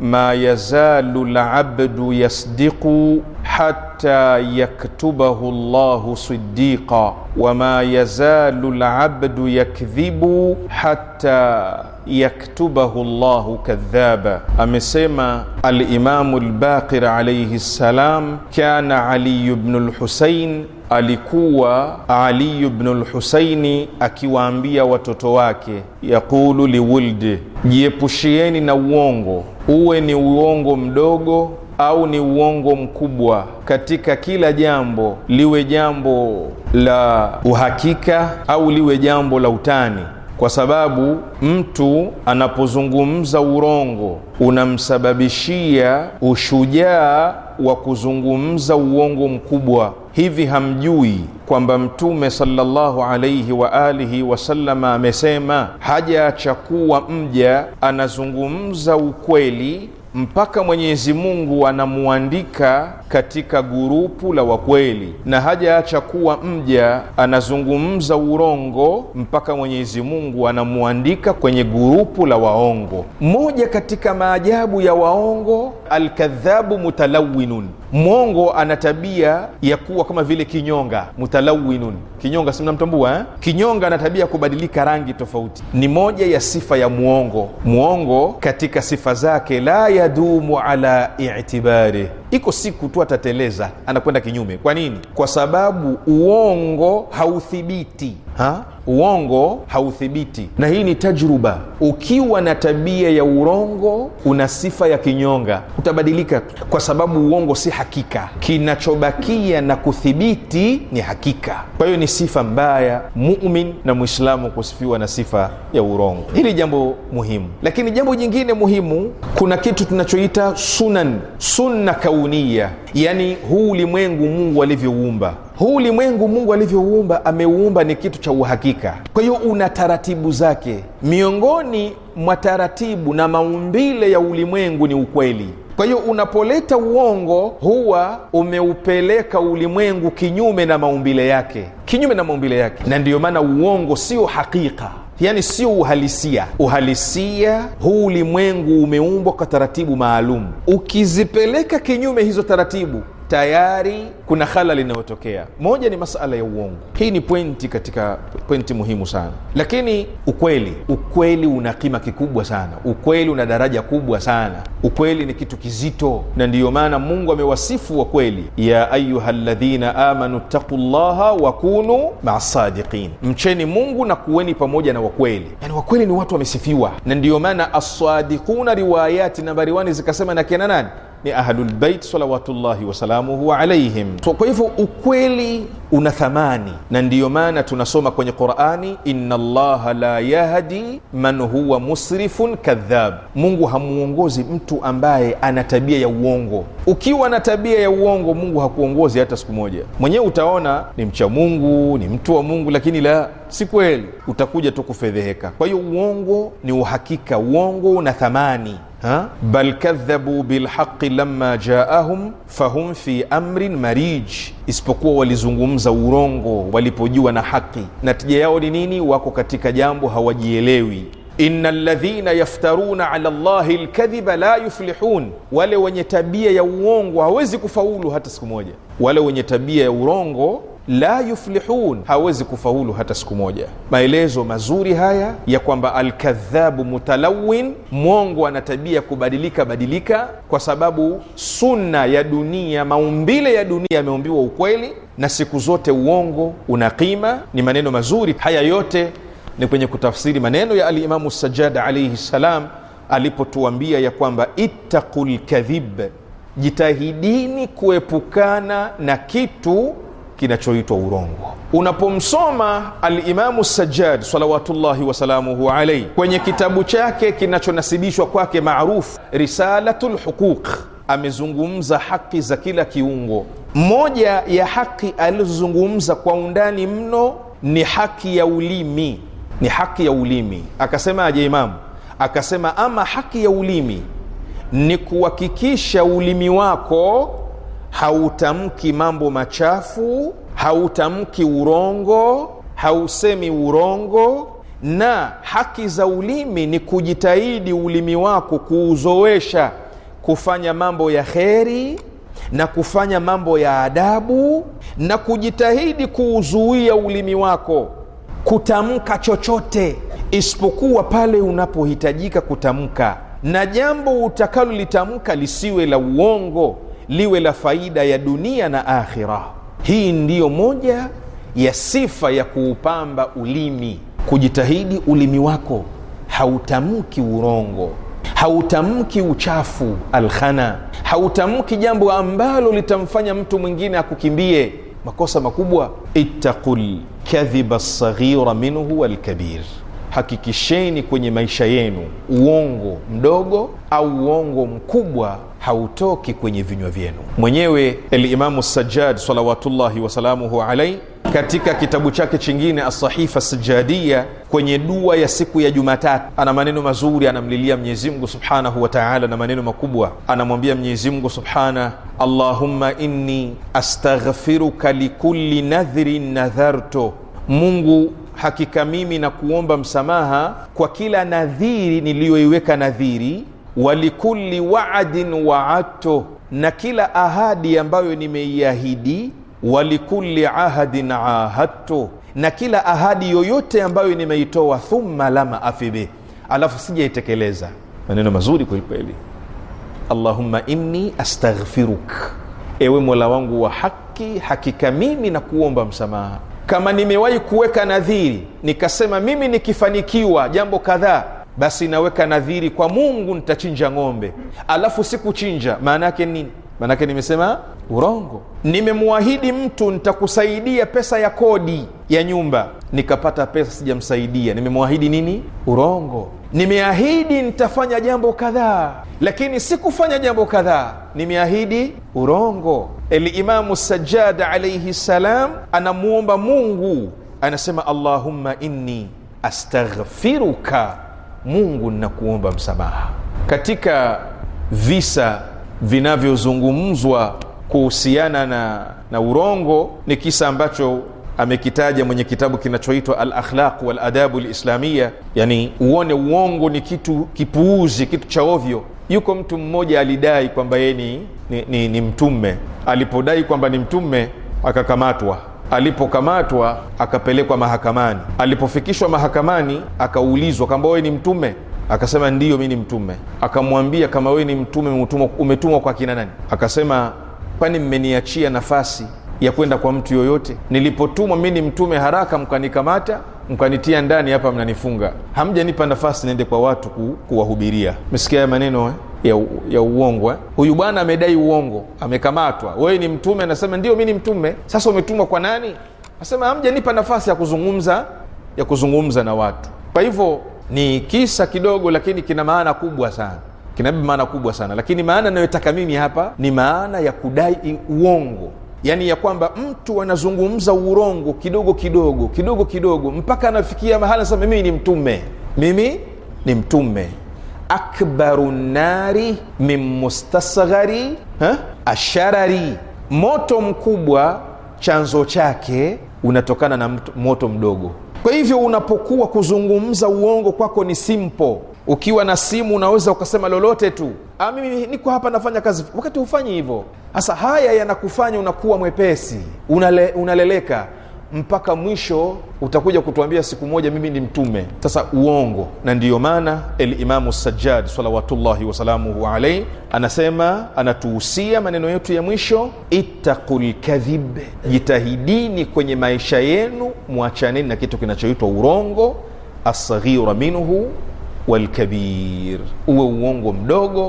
ما يزال العبد يصدق حتى يكتبه الله صديقا وما يزال العبد يكذب حتى يكتبه الله كذابا أمسيما الإمام الباقر عليه السلام كان علي بن الحسين alikuwa Ali bnu lhusaini akiwaambia watoto wake, yaqulu liwuldi, jiepushieni na uongo, uwe ni uongo mdogo au ni uongo mkubwa katika kila jambo, liwe jambo la uhakika au liwe jambo la utani, kwa sababu mtu anapozungumza urongo unamsababishia ushujaa wa kuzungumza uongo mkubwa hivi hamjui kwamba mtume sallallahu alaihi wa alihi wasallama amesema haja kuwa mja anazungumza ukweli mpaka Mwenyezi Mungu anamuandika katika gurupu la wakweli, na hajaacha kuwa mja anazungumza urongo mpaka Mwenyezi Mungu anamuandika kwenye gurupu la waongo. Moja katika maajabu ya waongo alkadhabu mutalawinun, mwongo ana tabia ya kuwa kama vile kinyonga. Mutalawinun, kinyonga, si mnamtambua eh? Kinyonga ana tabia ya kubadilika rangi tofauti, ni moja ya sifa ya mwongo. Mwongo katika sifa zake, la yadumu ala itibari iko siku tu atateleza, anakwenda kinyume. Kwa nini? Kwa sababu uongo hauthibiti ha? Uongo hauthibiti, na hii ni tajruba. Ukiwa na tabia ya urongo, una sifa ya kinyonga, utabadilika tu, kwa sababu uongo si hakika. Kinachobakia na kuthibiti ni hakika. Kwa hiyo ni sifa mbaya mumin na mwislamu kusifiwa na sifa ya urongo. Hili jambo muhimu, lakini jambo jingine muhimu, kuna kitu tunachoita sunan, sunna kaunia yani huu ulimwengu mungu alivyouumba huu ulimwengu mungu alivyouumba ameuumba ni kitu cha uhakika kwa hiyo una taratibu zake miongoni mwa taratibu na maumbile ya ulimwengu ni ukweli kwa hiyo unapoleta uongo huwa umeupeleka ulimwengu kinyume na maumbile yake kinyume na maumbile yake na ndiyo maana uongo sio hakika yani sio uhalisia. Uhalisia huu ulimwengu umeumbwa kwa taratibu maalum, ukizipeleka kinyume hizo taratibu tayari kuna halali inayotokea. Moja ni masala ya uongo. Hii ni pointi katika pointi muhimu sana, lakini ukweli, ukweli una kima kikubwa sana, ukweli una daraja kubwa sana, ukweli ni kitu kizito, na ndiyo maana Mungu amewasifu wa kweli, ya ayuha ladhina amanu taku llaha wakunu maa sadiqin, mcheni Mungu na kuweni pamoja na wakweli. Yani wakweli ni watu wamesifiwa, na ndiyo maana asadikuna riwayati nambari wani zikasema na kina nani ni ahlulbeit salawatullahi wasalaamuhu alaihim. So kwa hivyo ukweli una thamani, na ndiyo maana tunasoma kwenye Qurani, inna allaha la yahdi man huwa musrifun kadhab, Mungu hamuongozi mtu ambaye ana tabia ya uongo. Ukiwa na tabia ya uongo, Mungu hakuongozi hata siku moja. Mwenyewe utaona ni mcha Mungu, ni mtu wa Mungu, lakini la si kweli, utakuja tu kufedheheka. Kwa hiyo uongo ni uhakika, uongo una thamani. Ha? bal kadhabu bilhaqi lama jaahum fahum fi amrin marij isipokuwa walizungumza urongo walipojua na haki na tija yao ni nini wako katika jambo hawajielewi ina ladhina yaftaruna ala llahi lkadhiba la yuflihun wale wenye tabia ya uongo hawezi kufaulu hata siku moja wale wenye tabia ya urongo la yuflihun, hawezi kufaulu hata siku moja. Maelezo mazuri haya ya kwamba alkadhabu mutalawin, mwongo ana tabia kubadilika badilika, kwa sababu sunna ya dunia, maumbile ya dunia yameumbiwa ukweli, na siku zote uongo una qima. Ni maneno mazuri haya, yote ni kwenye kutafsiri maneno ya Alimamu Sajjad alaihi ssalam alipotuambia ya kwamba ittaqu lkadhib, jitahidini kuepukana na kitu kinachoitwa urongo. Unapomsoma Alimamu Sajjad salawatullahi wasalamuhu alaihi kwenye kitabu chake kinachonasibishwa kwake maarufu Risalatu lhuquq, amezungumza haki za kila kiungo. Moja ya haki alizozungumza kwa undani mno ni haki ya ulimi, ni haki ya ulimi. Akasema aje Imamu? Akasema ama haki ya ulimi ni kuhakikisha ulimi wako hautamki mambo machafu, hautamki urongo, hausemi urongo na haki za ulimi ni kujitahidi ulimi wako kuuzoesha kufanya mambo ya kheri na kufanya mambo ya adabu, na kujitahidi kuuzuia ulimi wako kutamka chochote isipokuwa pale unapohitajika kutamka, na jambo utakalolitamka lisiwe la uongo liwe la faida ya dunia na akhira. Hii ndiyo moja ya sifa ya kuupamba ulimi, kujitahidi ulimi wako hautamki urongo, hautamki uchafu, alkhana, hautamki jambo ambalo litamfanya mtu mwingine akukimbie, makosa makubwa. Ittaqul kadhiba lsaghira minhu walkabir, hakikisheni kwenye maisha yenu uongo mdogo au uongo mkubwa hautoki kwenye vinywa vyenu. Mwenyewe Alimamu sajad salawatullahi wasalamuhu alaihi katika kitabu chake chingine Asahifa Sajadia, kwenye dua ya siku ya Jumatatu, ana maneno mazuri, anamlilia mnyezimngu subhanahu wa taala na maneno makubwa, anamwambia mnyezimngu subhana, Allahumma inni astaghfiruka likuli nadhrin nadharto, Mungu hakika mimi na kuomba msamaha kwa kila nadhiri niliyoiweka nadhiri walikuli waadin waadto, na kila ahadi ambayo nimeiahidi. walikuli ahadin ahadto, na kila ahadi yoyote ambayo nimeitoa. Thumma lam afi alafu sijaitekeleza. Maneno mazuri kwelikweli. Allahumma inni astaghfiruk, ewe mola wangu wa haki, hakika mimi na kuomba msamaha. Kama nimewahi kuweka nadhiri nikasema mimi nikifanikiwa jambo kadhaa basi naweka nadhiri kwa Mungu nitachinja ng'ombe, alafu sikuchinja, maana yake nini? Maana yake nimesema urongo. Nimemwahidi mtu nitakusaidia pesa ya kodi ya nyumba, nikapata pesa sijamsaidia, nimemwahidi nini? Urongo. Nimeahidi nitafanya jambo kadhaa, lakini sikufanya jambo kadhaa, nimeahidi urongo. elimamu Sajjad alaihi salam anamwomba Mungu, anasema allahumma inni astaghfiruka Mungu ninakuomba msamaha. Katika visa vinavyozungumzwa kuhusiana na, na urongo ni kisa ambacho amekitaja mwenye kitabu kinachoitwa alakhlaq waladabu Lislamia, yani uone uongo ni kitu kipuuzi, kitu cha ovyo. Yuko mtu mmoja alidai kwamba yeye ni, ni, ni, ni mtume. Alipodai kwamba ni mtume akakamatwa alipokamatwa akapelekwa mahakamani. Alipofikishwa mahakamani, akaulizwa kwamba wewe ni mtume Akasema ndiyo, mi ni mtume. Akamwambia, kama wewe ni mtume, umetumwa kwa kina nani? Akasema, kwani mmeniachia nafasi ya kwenda kwa mtu yoyote? Nilipotumwa mi ni mtume, haraka mkanikamata mkanitia ndani hapa mnanifunga hamjanipa nafasi niende kwa watu ku, kuwahubiria mesikia haya maneno eh? ya, ya uongo eh? huyu bwana amedai uongo amekamatwa wewe ni mtume anasema ndio mi ni mtume sasa umetumwa kwa nani asema hamjanipa nafasi ya kuzungumza ya kuzungumza na watu kwa hivyo ni kisa kidogo lakini kina maana kubwa sana kinabeba maana kubwa sana lakini maana inayotaka mimi hapa ni maana ya kudai uongo yani ya kwamba mtu anazungumza urongo kidogo kidogo kidogo kidogo mpaka anafikia mahala sema mimi ni mtume mimi ni mtume akbaru nari min mustasghari asharari moto mkubwa chanzo chake unatokana na moto mdogo kwa hivyo unapokuwa kuzungumza uongo kwako ni simple ukiwa na simu unaweza ukasema lolote tu ah, mimi niko hapa nafanya kazi wakati hufanyi hivyo sasa haya yanakufanya unakuwa mwepesi unale, unaleleka mpaka mwisho utakuja kutuambia siku moja mimi ni mtume sasa uongo na ndiyo maana elimamu sajad salawatullahi wasalamuhu alaihi anasema anatuhusia maneno yetu ya mwisho ittaqu lkadhib jitahidini kwenye maisha yenu mwachaneni na kitu kinachoitwa urongo asghira minhu والكبير uwe وونغو mdogo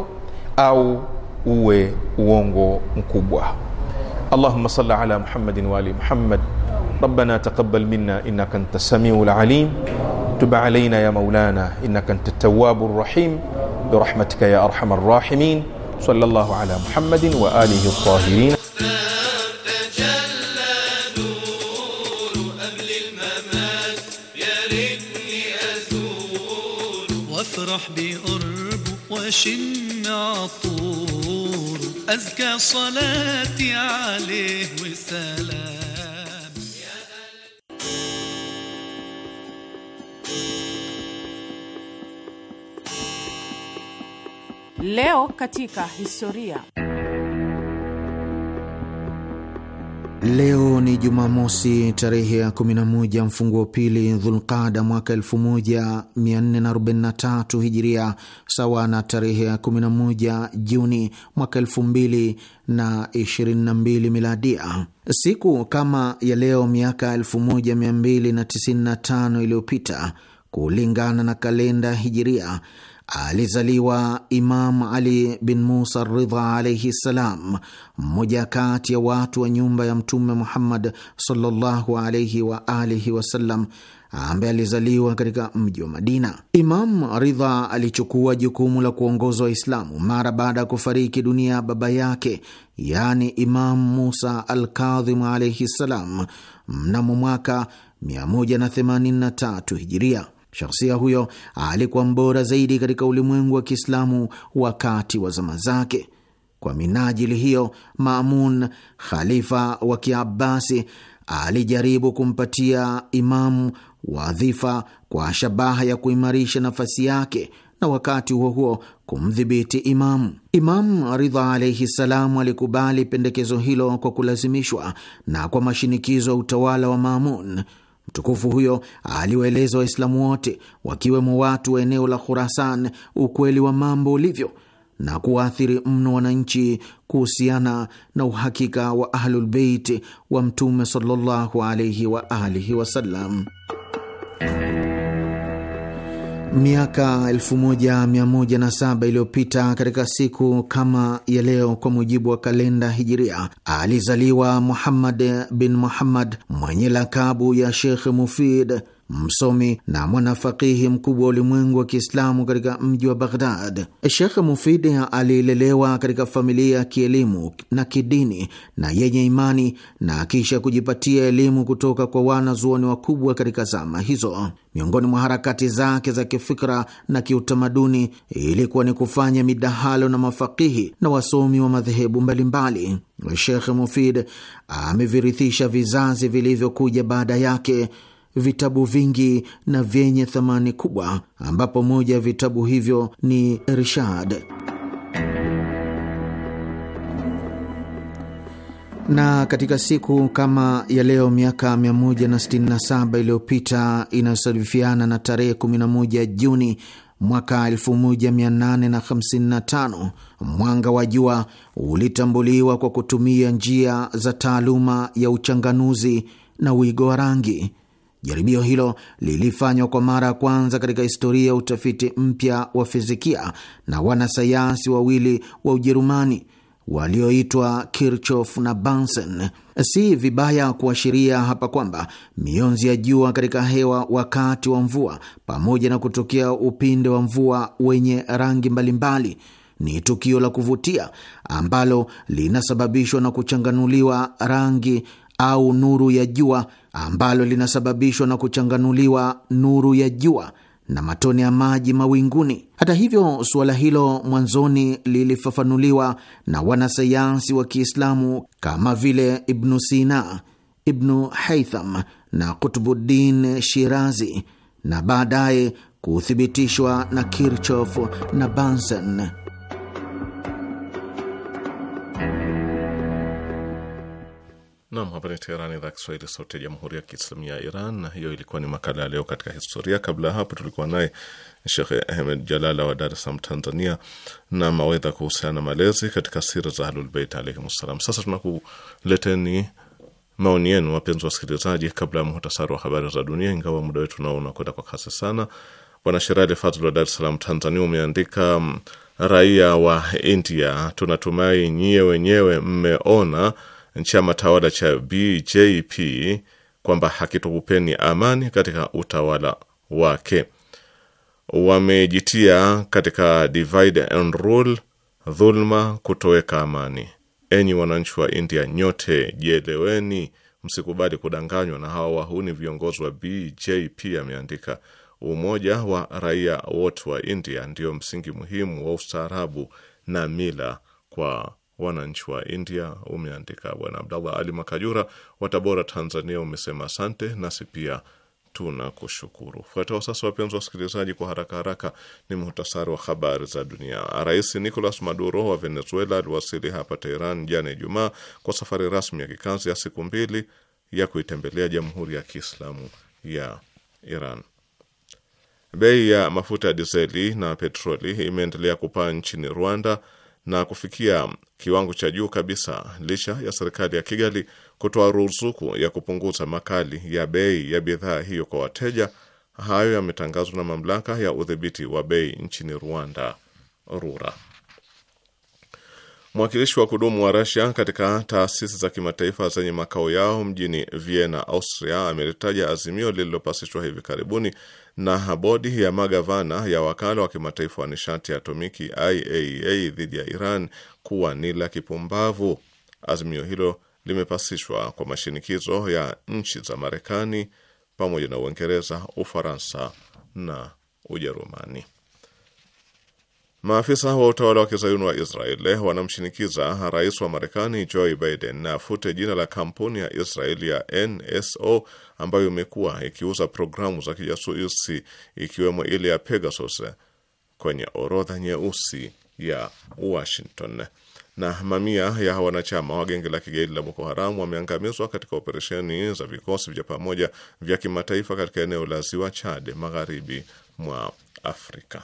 أو uwe وونغو mkubwa. اللهم صل على محمد وآل محمد ربنا تقبل منا انك انت السميع العليم تب علينا يا مولانا انك انت التواب الرحيم برحمتك يا ارحم الراحمين صلى الله على محمد واله الطاهرين وش عطور أزكى صلاتي عليه وسلام Leo katika historia. Leo ni Jumamosi tarehe ya 11 mfunguo pili Dhulqada mwaka 1443 Hijiria, sawa na tarehe ya 11 Juni mwaka 2022 Miladia. Siku kama ya leo miaka 1295 iliyopita kulingana na kalenda Hijiria Alizaliwa Imam Ali bin Musa Ridha alaihi ssalam, mmoja kati ya watu wa nyumba ya Mtume Muhammad sallallahu alaihi wa alihi wasallam ambaye alizaliwa katika mji wa Madina. Imam Ridha alichukua jukumu la kuongoza Waislamu mara baada ya kufariki dunia ya baba yake, yani Imam Musa Alkadhimu alaihi ssalam mnamo mwaka 183 Hijiria. Shahsia huyo alikuwa mbora zaidi katika ulimwengu wa Kiislamu wakati wa zama zake. Kwa minajili hiyo, Mamun khalifa wa Kiabasi alijaribu kumpatia imamu wadhifa kwa shabaha ya kuimarisha nafasi yake na wakati huo huo kumdhibiti imamu. Imamu Ridha alaihi ssalamu alikubali pendekezo hilo kwa kulazimishwa na kwa mashinikizo ya utawala wa Mamun. Mtukufu huyo aliwaeleza Waislamu wote wakiwemo watu wa eneo la Khurasan ukweli wa mambo ulivyo na kuwaathiri mno wananchi kuhusiana na uhakika wa Ahlulbeiti wa Mtume sallallahu alaihi wa alihi wasallam. Miaka 1107 iliyopita katika siku kama ya leo, kwa mujibu wa kalenda Hijiria, alizaliwa Muhammad bin Muhammad mwenye lakabu ya Sheikh Mufid msomi na mwanafakihi mkubwa wa ulimwengu wa Kiislamu katika mji wa Baghdad. Shekh Mufidi alilelewa katika familia ya kielimu na kidini na yenye imani na kisha kujipatia elimu kutoka kwa wanazuoni wakubwa katika zama hizo. Miongoni mwa harakati zake za kifikra na kiutamaduni ilikuwa ni kufanya midahalo na mafakihi na wasomi wa madhehebu mbalimbali. Shekh Mufid amevirithisha vizazi vilivyokuja baada yake vitabu vingi na vyenye thamani kubwa, ambapo moja ya vitabu hivyo ni Rishad. na katika siku kama ya leo miaka 167 iliyopita inayosalifiana na tarehe 11 Juni mwaka 1855 mwanga wa jua ulitambuliwa kwa kutumia njia za taaluma ya uchanganuzi na wigo wa rangi. Jaribio hilo lilifanywa kwa mara ya kwanza katika historia ya utafiti mpya wa fizikia na wanasayansi wawili wa Ujerumani walioitwa Kirchhoff na Bunsen. Si vibaya kuashiria hapa kwamba mionzi ya jua katika hewa wakati wa mvua, pamoja na kutokea upinde wa mvua wenye rangi mbalimbali, ni tukio la kuvutia ambalo linasababishwa na kuchanganuliwa rangi au nuru ya jua ambalo linasababishwa na kuchanganuliwa nuru ya jua na matone ya maji mawinguni. Hata hivyo, suala hilo mwanzoni lilifafanuliwa na wanasayansi wa Kiislamu kama vile Ibnu Sina, Ibnu Haytham na Kutbuddin Shirazi na baadaye kuthibitishwa na Kirchhoff na Bunsen. Nam, hapa ni Teheran, idhaa Kiswahili, sauti ya jamhuri ya kiislamia ya Iran. Na hiyo ilikuwa ni makala ya leo katika historia. Kabla ya hapo, tulikuwa naye Shekhe Ahmed Jalala wa Dar es Salaam, Tanzania, na mawedha kuhusiana na malezi katika sira za Ahlulbeit alaihim ssalam. Sasa tunakuleteni maoni yenu, wapenzi wa wasikilizaji, kabla ya muhtasari wa habari za dunia, ingawa muda wetu nao unakwenda kwa kasi sana. Bwana Sherali Fadhl wa Dar es Salaam, Tanzania, umeandika raia wa India, tunatumai nyie wenyewe mmeona chama tawala cha BJP kwamba hakitukupeni amani katika utawala wake. Wamejitia katika divide and rule, dhulma, kutoweka amani. Enyi wananchi wa India, nyote jieleweni, msikubali kudanganywa na hawa wahuni viongozi wa BJP, ameandika. Umoja wa raia wote wa India ndio msingi muhimu wa ustaarabu na mila kwa wananchi wa India umeandika. Bwana Abdallah Ali Makajura wa Tabora, Tanzania, umesema asante, nasi pia tuna kushukuru Fuatao sasa, wapenzi wasikilizaji, kwa haraka haraka ni muhtasari wa habari za dunia. Rais Nicolas Maduro wa Venezuela aliwasili hapa Teheran jana Ijumaa kwa safari rasmi ya kikazi ya siku mbili ya kuitembelea Jamhuri ya Kiislamu ya Iran. Bei ya mafuta ya diseli na petroli imeendelea kupaa nchini Rwanda na kufikia kiwango cha juu kabisa licha ya serikali ya Kigali kutoa ruzuku ya kupunguza makali ya bei ya bidhaa hiyo kwa wateja. Hayo yametangazwa na mamlaka ya udhibiti wa bei nchini Rwanda, RURA. Mwakilishi wa kudumu wa Russia katika taasisi za kimataifa zenye makao yao mjini Vienna, Austria, amelitaja azimio lililopasishwa hivi karibuni na bodi ya magavana ya wakala wa kimataifa wa nishati ya atomiki IAEA dhidi ya Iran kuwa ni la kipumbavu. Azimio hilo limepasishwa kwa mashinikizo ya nchi za Marekani pamoja na Uingereza, Ufaransa na Ujerumani. Maafisa wa utawala wa kizayuni wa israel wanamshinikiza rais wa Marekani Joe Biden na afute jina la kampuni ya israel ya NSO ambayo imekuwa ikiuza programu za kijasusi ikiwemo ile ya Pegasus kwenye orodha nyeusi ya Washington. Na mamia ya wanachama wa genge la kigaidi la Boko Haram wameangamizwa katika operesheni za vikosi vya pamoja vya kimataifa katika eneo la ziwa Chad magharibi mwa Afrika.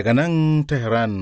Daga nan Tehran